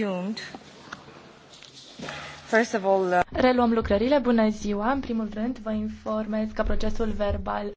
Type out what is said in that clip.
Uh, Reluăm lucrările. Bună ziua! În primul rând, vă informez că procesul verbal